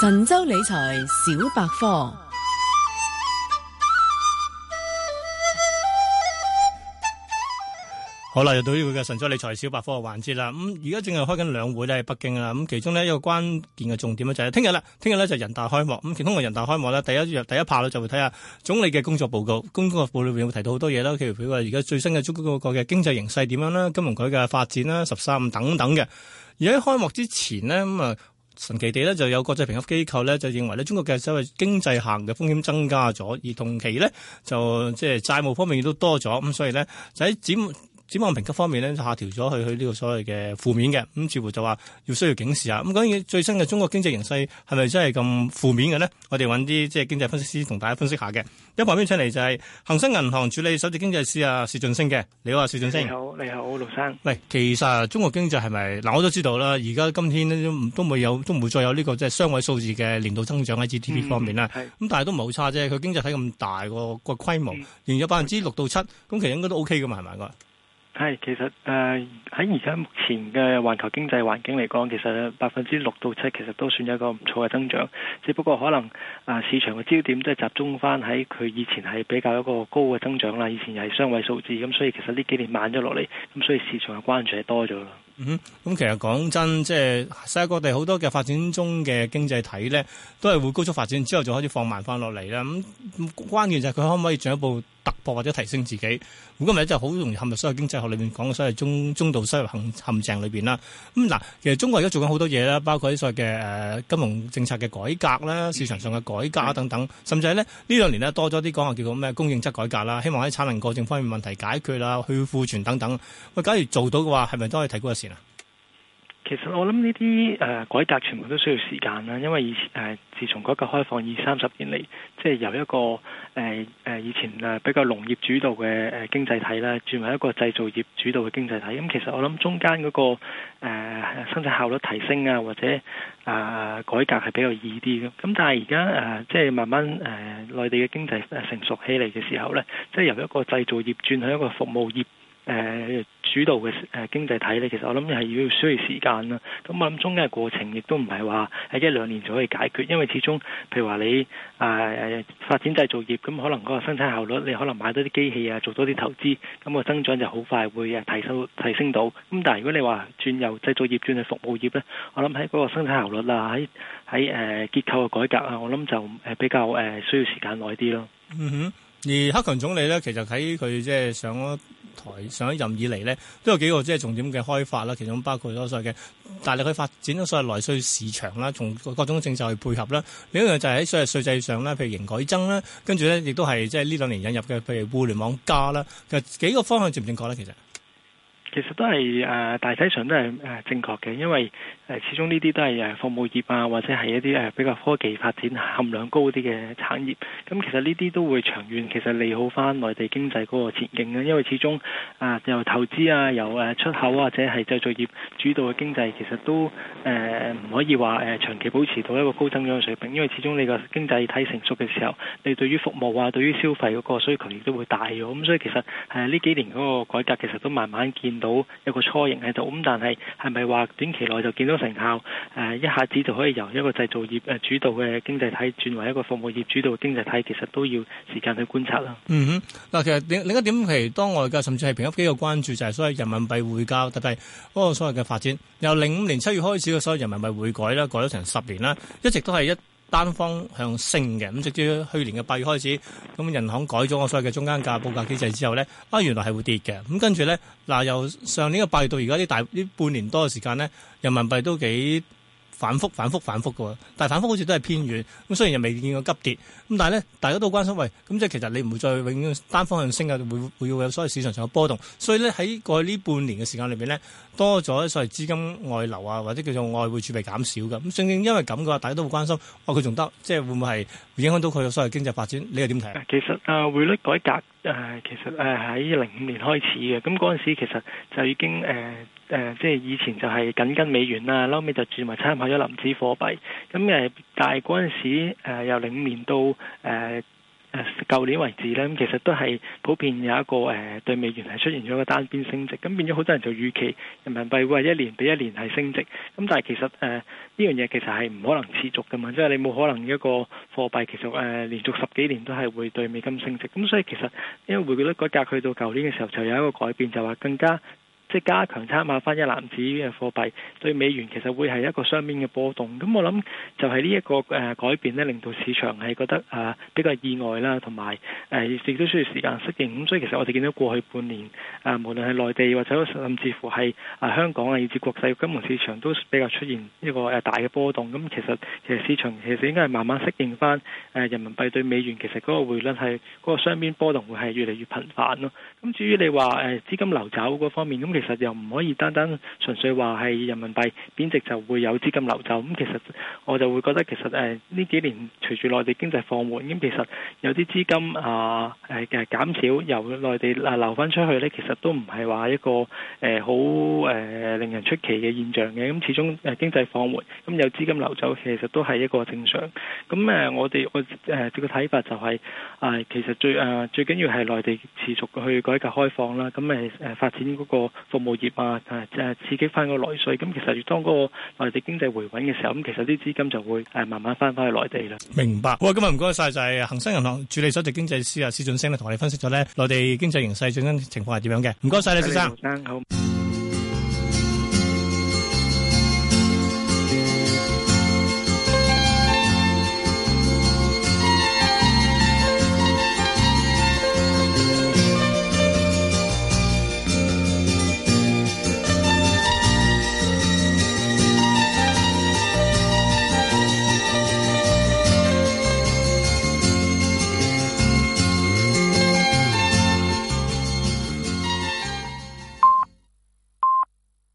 神州理財小百科，好啦，又到呢個嘅神州理財小百科嘅環節啦。咁而家正係開緊兩會咧喺北京啦。咁、嗯、其中呢一個關鍵嘅重點咧就係聽日啦，聽日呢就是、人大開幕。咁、嗯、其實通常人大開幕呢第一第一拍咧就會睇下總理嘅工作報告。工作報告裏邊會提到好多嘢啦，譬如譬如話而家最新嘅中國個嘅經濟形勢點樣啦，金融佢嘅發展啦，十三五等等嘅。而喺開幕之前呢咁啊。嗯神奇地呢，就有國際評級機構呢，就認為呢中國嘅所謂經濟下行嘅風險增加咗，而同期呢，就即係債務方面亦都多咗，咁所以呢就喺展望評級方面咧,就下調咗佢佢呢個所謂嘅負面嘅，咁，似乎就話要需要警示啊。咁，咁而最新嘅中國經濟形勢係咪真係咁負面嘅呢？我哋揾啲即係經濟分析師同大家分析下嘅。一旁邊請嚟就係恒生銀行署理首席經濟師阿薛俊昇嘅。你好，薛俊昇。你好，你好，盧生。喂，其實中國經濟係咪嗱？我都知道啦。而家今天都都冇有都唔會再有呢個即係雙位數字嘅年度增長喺 GDP 方面啦。咁，嗯，但係都唔係好差啫。佢經濟體咁大個個規模，仍有百分之六到七咁，其實應該都 O K 噶嘛，係咪係，其實誒喺而家目前嘅環球經濟環境嚟講，其實百分之六到七其實都算一個唔錯嘅增長，只不過可能啊市場嘅焦點都係集中翻喺佢以前係比較一個高嘅增長啦，以前係雙位數字，咁所以其實呢幾年慢咗落嚟，咁所以市場嘅關注係多咗啦、嗯。嗯，咁其實講真，即係世界各地好多嘅發展中嘅經濟體呢，都係會高速發展之後就開始放慢翻落嚟啦。咁、嗯、關鍵就係佢可唔可以進一步突破或者提升自己，如果唔係真係好容易陷入所有經濟學裏面講嘅所謂中中度收入陷陷阱裏邊啦。咁嗱，其實中國而家做緊好多嘢啦，包括啲所謂嘅誒金融政策嘅改革啦，市場上嘅改革等等，嗯、甚至係咧呢呢兩年咧多咗啲講下叫做咩供應側改革啦，希望喺產能過剩方面問題解決啦，去庫存等等。喂，假如做到嘅話，係咪都可以提高一線啊？其實我諗呢啲誒改革全部都需要時間啦，因為以前誒、呃、自從改革開放二三十年嚟，即係由一個誒誒、呃、以前誒比較農業主導嘅誒經濟體啦，轉為一個製造業主導嘅經濟體。咁、嗯、其實我諗中間嗰、那個、呃、生產效率提升啊，或者啊、呃、改革係比較易啲嘅。咁但係而家誒即係慢慢誒、呃、內地嘅經濟成熟起嚟嘅時候咧，即係由一個製造業轉去一個服務業。誒、呃、主導嘅誒、呃、經濟體咧，其實我諗係要需要時間啦。咁我諗中間嘅過程亦都唔係話喺一兩年就可以解決，因為始終譬如話你誒誒、呃、發展製造業，咁可能嗰個生產效率，你可能買多啲機器啊，做多啲投資，咁個增長就好快會誒提升提升到。咁但係如果你話轉由製造業轉去服務業咧，我諗喺嗰個生產效率啊，喺喺誒結構嘅改革啊，我諗就誒比較誒、呃、需要時間耐啲咯。嗯哼，而克強總理咧，其實喺佢即係上咗台上一任以嚟咧都有幾個即係重點嘅開發啦，其中包括咗所謂嘅大力去發展咗所謂內需市場啦，從各種政策去配合啦。另一樣就係喺所謂稅制上啦，譬如營改增啦，跟住咧亦都係即係呢兩年引入嘅，譬如互聯網加啦，其實幾個方向正唔正確咧？其實。其實都係誒大體上都係誒正確嘅，因為誒始終呢啲都係誒服務業啊，或者係一啲誒比較科技發展含量高啲嘅產業。咁其實呢啲都會長遠，其實利好翻內地經濟嗰個前景啊。因為始終啊、呃、由投資啊，由誒出口啊或者係製造業主導嘅經濟，其實都誒唔、呃、可以話誒長期保持到一個高增長嘅水平。因為始終你個經濟體成熟嘅時候，你對於服務啊，對於消費嗰個需求亦都會大咗。咁所以其實誒呢、呃、幾年嗰個改革，其實都慢慢見。到一個雛形喺度，咁但係係咪話短期內就見到成效？一下子就可以由一個製造業主導嘅經濟體轉為一個服務業主導經濟體，其實都要時間去觀察啦。嗯哼，嗱，其實另一點係當外界，甚至係評級機構嘅關注，就係、是、所謂人民幣匯價特別嗰個所謂嘅發展。由零五年七月開始嘅所謂人民幣匯改改咗成十年啦，一直都係一。單方向升嘅，咁直至去年嘅八月開始，咁銀行改咗我所謂嘅中間價報價機制之後呢，啊原來係會跌嘅，咁跟住呢，嗱，由上年嘅八月到而家呢，大呢半年多嘅時間呢，人民幣都幾。反覆反覆反覆㗎喎，但係反覆好似都係偏軟。咁雖然又未見過急跌，咁但係咧，大家都關心喂，咁即係其實你唔會再永遠單方向升嘅，會會會有所謂市場上有波動。所以咧，喺過去呢半年嘅時間裏邊咧，多咗所謂資金外流啊，或者叫做外匯儲備減少㗎。咁正正因為咁嘅話，大家都會關心，哇佢仲得，即係會唔會係影響到佢嘅所謂經濟發展？你又點睇？其實啊，匯率改革誒、啊，其實誒喺零五年開始嘅，咁嗰陣時其實就已經誒。啊誒、呃，即係以前就係緊跟美元啦，後尾就轉為參考咗籃子貨幣。咁但係嗰陣時由零五年到誒誒舊年為止呢，其實都係普遍有一個誒、呃、對美元係出現咗個單邊升值，咁變咗好多人就預期人民幣會係一年比一年係升值。咁但係其實誒呢、呃、樣嘢其實係唔可能持續噶嘛，即、就、係、是、你冇可能一個貨幣其實誒、呃、連續十幾年都係會對美金升值。咁所以其實因為匯率改革去到舊年嘅時候，就有一個改變，就話更加。即係加強參考翻一籃子嘅貨幣，對美元其實會係一個雙邊嘅波動。咁我諗就係呢一個誒改變咧，令到市場係覺得誒比較意外啦，同埋誒亦都需要時間適應。咁所以其實我哋見到過去半年誒，無論係內地或者甚至乎係啊香港啊，以至國際金融市場都比較出現一個誒大嘅波動。咁其實其實市場其實應該係慢慢適應翻誒人民幣對美元其實嗰個匯率係嗰個雙邊波動會係越嚟越頻繁咯。咁至於你話誒資金流走嗰方面咁。其實又唔可以單單純粹話係人民幣貶值就會有資金流走，咁其實我就會覺得其實誒呢幾年隨住內地經濟放緩，咁其實有啲資金啊誒嘅減少由內地流翻出去呢，其實都唔係話一個誒好誒令人出奇嘅現象嘅，咁始終誒經濟放緩，咁有資金流走其實都係一個正常。咁誒我哋我誒個睇法就係、是、誒其實最誒最緊要係內地持續去改革開放啦，咁誒誒發展嗰、那個，服務業啊，誒就係刺激翻個內需，咁其實當個內地經濟回穩嘅時候，咁其實啲資金就會、啊、慢慢翻返去內地啦。明白，好啊！今日唔該晒就係恒生銀行署理首席經濟師啊，薛俊昇咧同我哋分析咗咧內地經濟形勢最新情況係點樣嘅。唔該晒，薛先生。好。